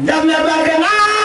daf na barke naa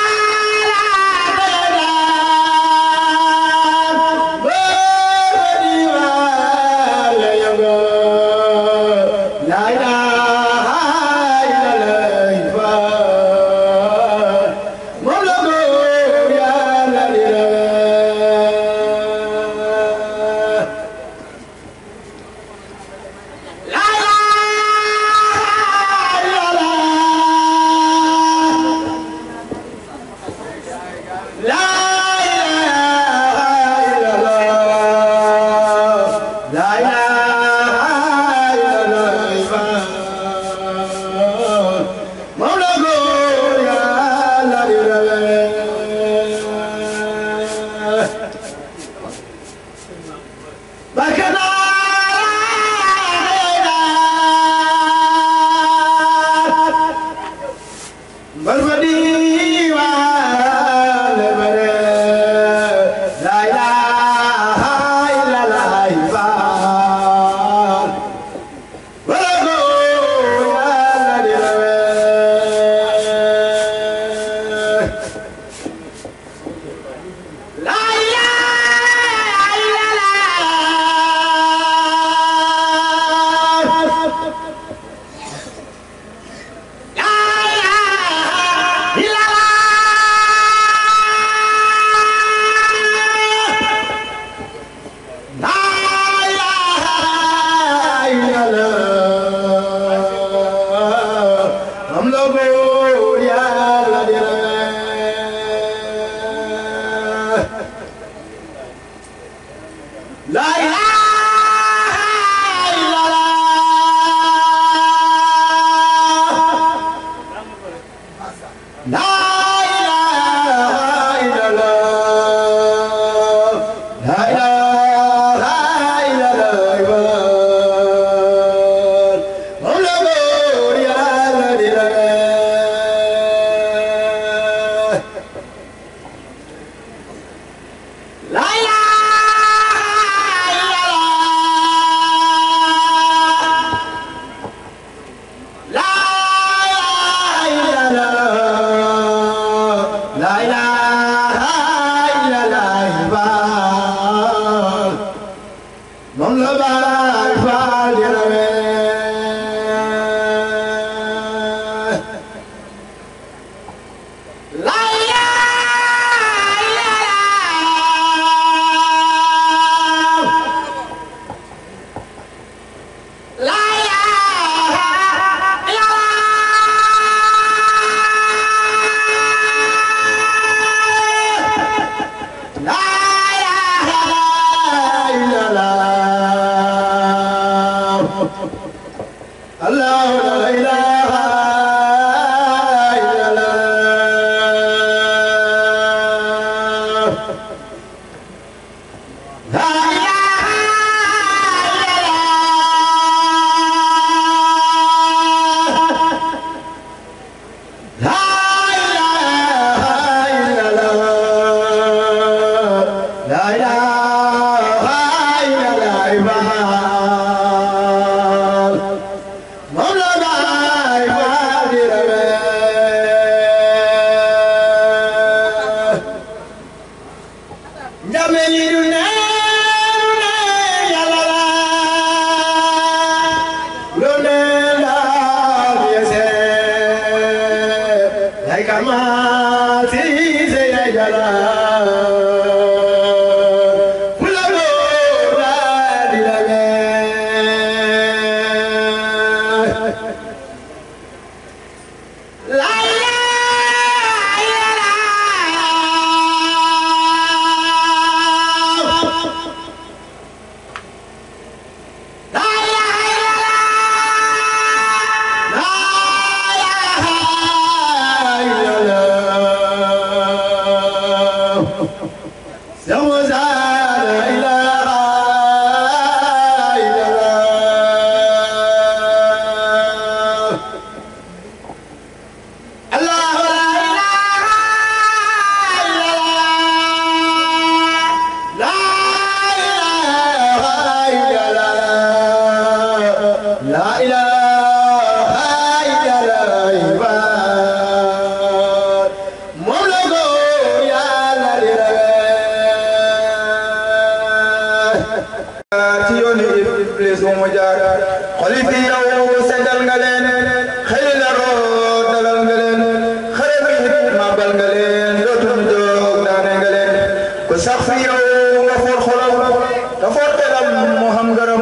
dafa telam mu xam ngaram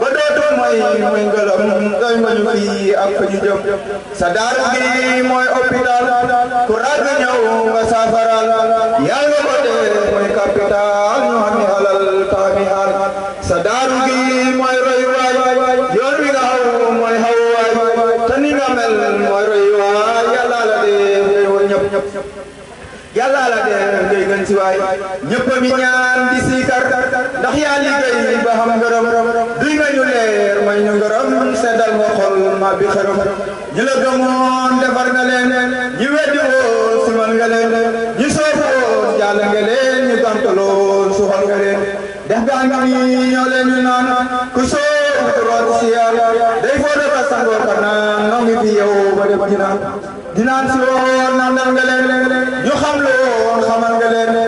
ba dootul mooy muy ngalam ngay ma ñu fii ak fa ñu jëm mooy hôpital ku ràgg nga saafaral yàlla ko dee mooy capital ñu xam ni halal taami xaal sa mooy roy waay yoon wi mooy xaw waay te mel mooy roy waay dee woo ñëpp yàlla la dee ngay mi ñaan di ndax yaa liggéey ba xam ngërëm duy nga ñu leer may ñu ngërëm seddal nga xol ma bi xërëm ñu la gëmoon defar nga leen ñi weddi woon simal nga leen ñi soof woon jàll nga leen ñu gàntaloon suxal nga leen dex ñoo leen ñu naan ku soof root si yàlla day foo dafa sangoo ka naan noo ngi fi yow ba def dinaan dinaan si woon nandal nga leen ñu xam la woon xamal nga leen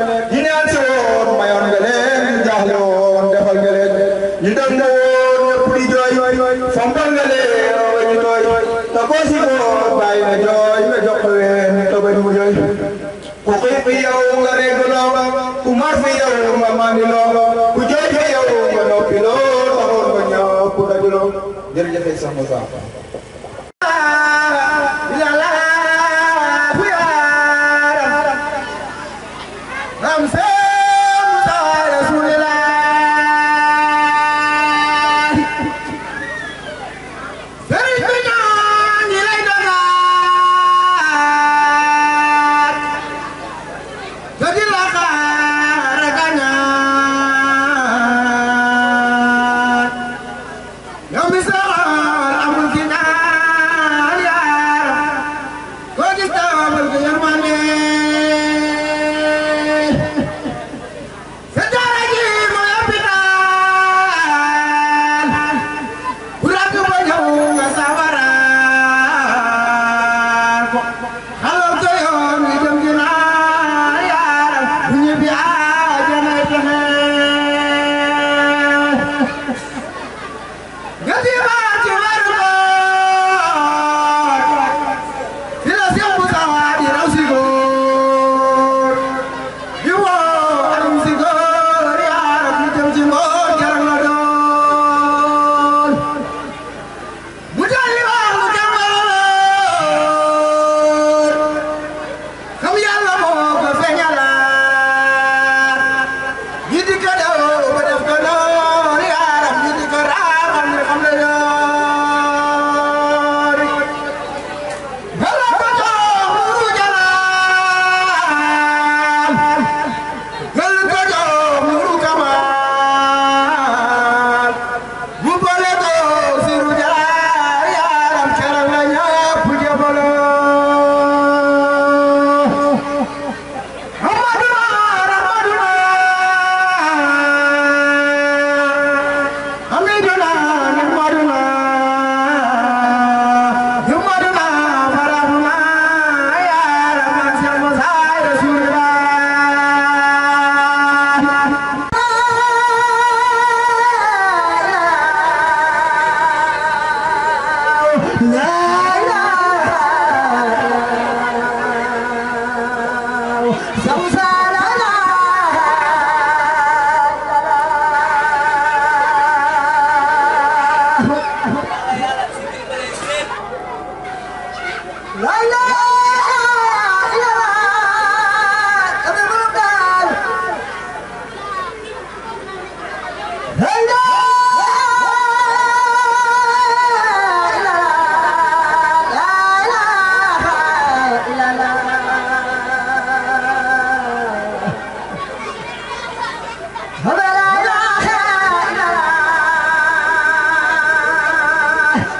te boo si boo bàyyi na jooy nga jox ko weer te bañ jooy ku xëy fi yow nga reeg loo ku mar fi yow nga mandi loo ku jooy fi yow nga noppi loo taxoon nga ñëpp dajuloo jërëjëf sax ma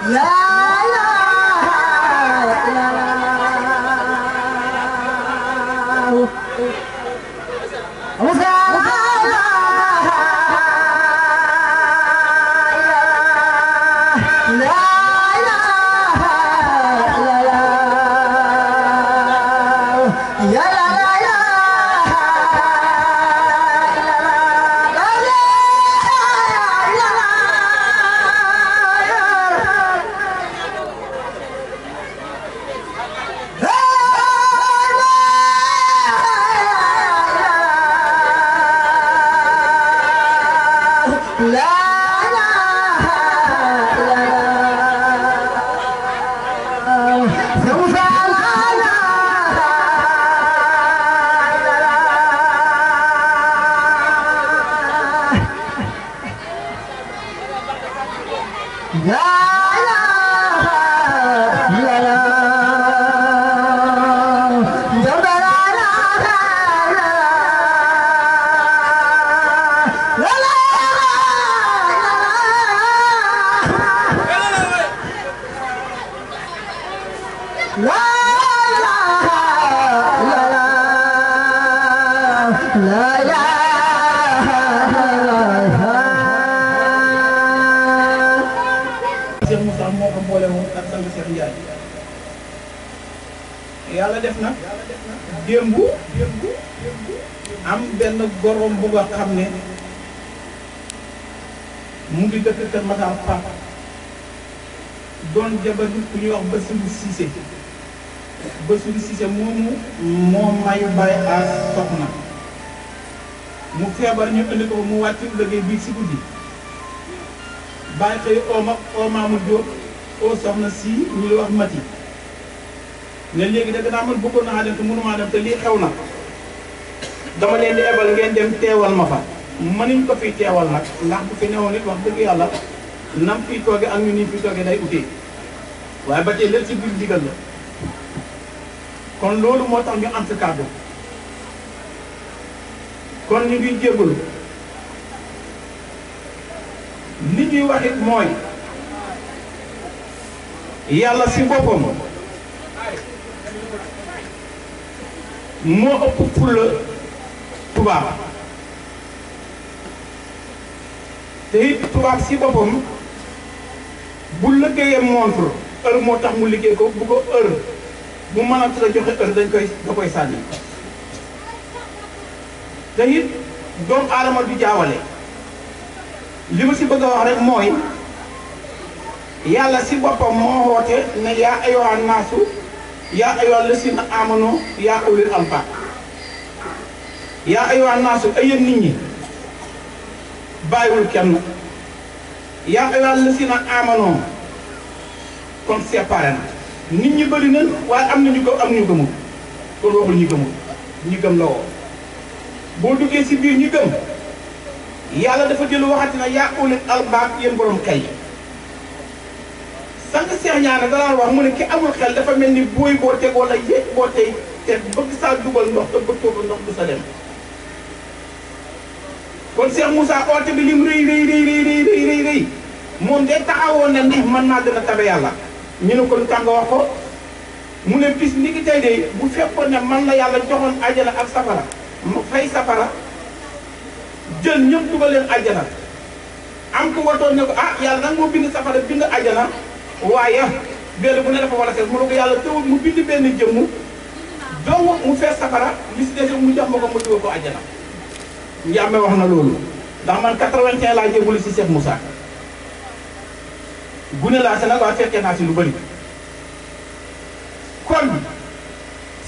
Yeah! am benn gorom bu nga xam ne mu ngi dëkk Kër Masaar Paap doon jabar ku ñuy wax Bassirou Cissé Bassirou Cissé moomu moo may bay aas soxna mu feebar ñu indi ko mu wàcc liggéey bii si guddi bàyyi xëy ooma oomaamu jóg oo oh soxna si ñu wax mati ne léegi dëgg naa man bëggoon naa dem te mënumaa dem te lii xew na dama leen di ngeen dem teewal ma fa mënuñ ko fi teewal nag ndax bu fi newoon it wax dëgg yàlla nam fii tooge ak ñu nii fii tooge day utee waaye ba tey lépp ci biir ndigal la kon loolu moo tax ñu am si kàddu kon ñu ngi jégalu li ñuy wax it mooy yàlla si boppam moo ëpp fulla tubaab te it tubaab si boppam bu liggéeyee montre heure moo tax mu liggéey ko bu ko heure bu mën a tëra joxe heure dañ koy da koy sànni te it doomu aadama du jaawale li ma si bëgg a wax rek mooy yàlla si boppam moo woote ne yaa ayyuhan naasu yaa ayyuhal lazina amanu yaa ulil albaab yaa ayyuha naasu ay yéen nit ñi bàyyiwul kenn yaa ayyuha lasina amanoo kon séparé na nit ñi bëri nañ waaye am na ñu ko am ñu gëmul kon waxul ñu gëmul ñu gëm la woo boo duggee si biir ñu gëm yàlla dafa jël waxati na yaa ulil albaab yéen borom xel yi seex ñaar danaa wax mu ne ki amul xel dafa mel ni booy boo teg wala yéeg boo tey te bëgg saa dugal ndox te bëgg ko ndox du sa dem. kon Cheikh Moussa oote bi lim rëy rëy rëy rëy rëy rëy rëy moom de na man dana tabe ñu ne kon tàng wax ko mu ne bis ni ki tey de bu fekkoon ne man la yàlla joxoon ajana ak safara ma fay safara jël ñëpp dugal leen am ko watoon ne ko ah yàlla nag moo bind safara bind ajana waaye benn bu ne dafa war a seet mu ne ko yàlla tëwul mu bind benn jëmm doo mu fees safara li si mu jox ma mu ko njàmme wax na loolu ndax man 81 laa jébbalu si Cheikh Moussa gune laa si nag waa fekkee naa si lu bëri kon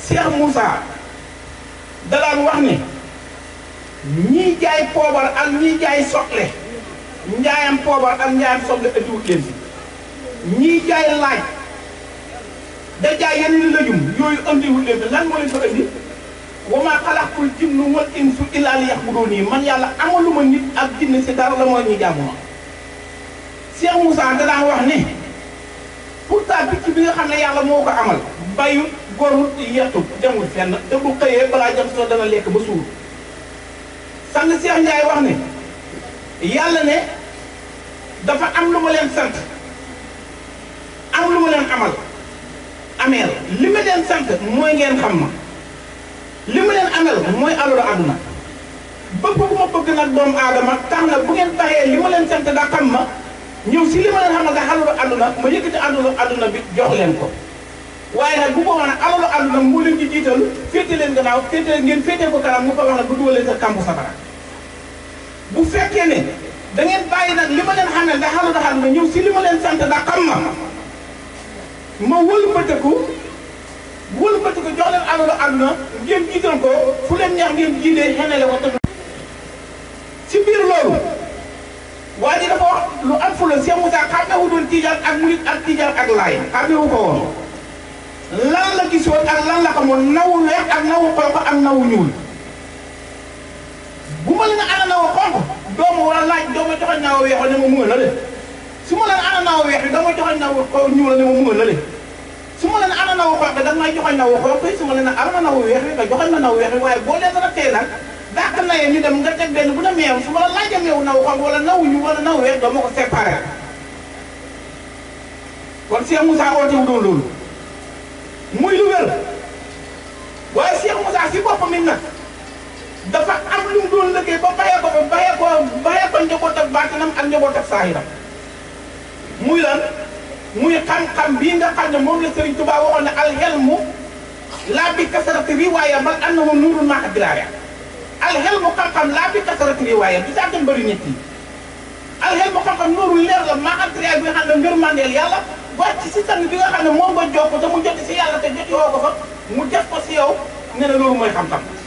Cheikh Moussa dalaan wax ne ñii jaay poobar ak ñii jaay soble njaayam poobar ak njaayam soble ëttiwut leen si ñii jaay laaj da jaay yeneen lëjum yooyu ëndiwut leen lan moo leen ëndi wa maa xalaqtul jinna wal insa illaa liya'buduun man yàlla amaluma nit ak jinne si dara la mooy ñu jaamu ma. Cheikh Moussa danaa wax ne pourtant picc bi nga xam ne yàlla moo ko amal bayu gorul yettu demul fenn te bu xëyee balaa jant soo dana lekk ba suur sang Cheikh Ndiaye wax ne yàlla ne dafa am lu ma leen sant am lu ma leen amal ameel li ma leen sant mooy ngeen xam ma. li mu leen àndal mooy alalu àdduna bëgg bu ma bëgg nag doomu aadama tax na bu ngeen taxee li ma leen sant da xam ma ñëw si li ma leen xamal da alalu àdduna ma yëkkati bi jox leen ko waaye nag bu ko wax ne alalu àdduna moo leen ci jiital féete leen gannaaw féete ngeen féete ko kanam mu ko wax ne bu dugal leen sa bu fekkee da ngeen bàyyi nag li ma leen xamal da alalu àdduna si li leen sant da xam ma ma wëlbatiku wul ko ci jox leen alalu àdduna ngeen leen neex ngeen jiitee xenele ko tamit biir loolu waa ji dafa wax lu am fu la Cheikh Moussa xàmmewu doon tijaan ak murit ak lan la gisoon ak lan weex ak nawu xonq ak ñuul bu ma leen ana nawu xonq doomu war a laaj dooma joxoñ nawu weexo ne ma mu a na le su ma leen ana nawu weex bi dooma joxoñ nawu ne ma mu nga na le su ma leen ana nawu xonq da nga may joxoñ nawu xonq su ma leen ana nawu weex wi nga joxoñ ma nawu weex wi waaye boo leen rattee nag dàq naye ñu dem nga teg benn bu ne meew su ma la laajee meew nawu xonq wala nawu ñu wala nawu weex doo ma ko séparé kon Cheikh Moussa oote wu doon loolu muy lu wér waaye Cheikh Moussa si boppam it nag dafa am lu mu doon liggéey ba bàyyee ko ba bàyyee ko bàyyee ko njaboot ak baatinam ak njaboot ak saahiram muy lan muy xam-xam bii nga xam ne moom la Serigne Touba waxoon ne alxelmu laa bi kasarati riwaaya bal annahu nuurun maa bilaaya alxelmu xam-xam laa bi kasarati riwaaya du saa gën bëri nit yi alxelmu xam-xam nuurul leer la maa antriyaay bi nga xam ne mbir mandeel yàlla wàcc si sang bi nga xam ne moom nga jokk te mu jot si yàlla te jot woo ko fa mu def ko si yow nee na loolu mooy xam-xam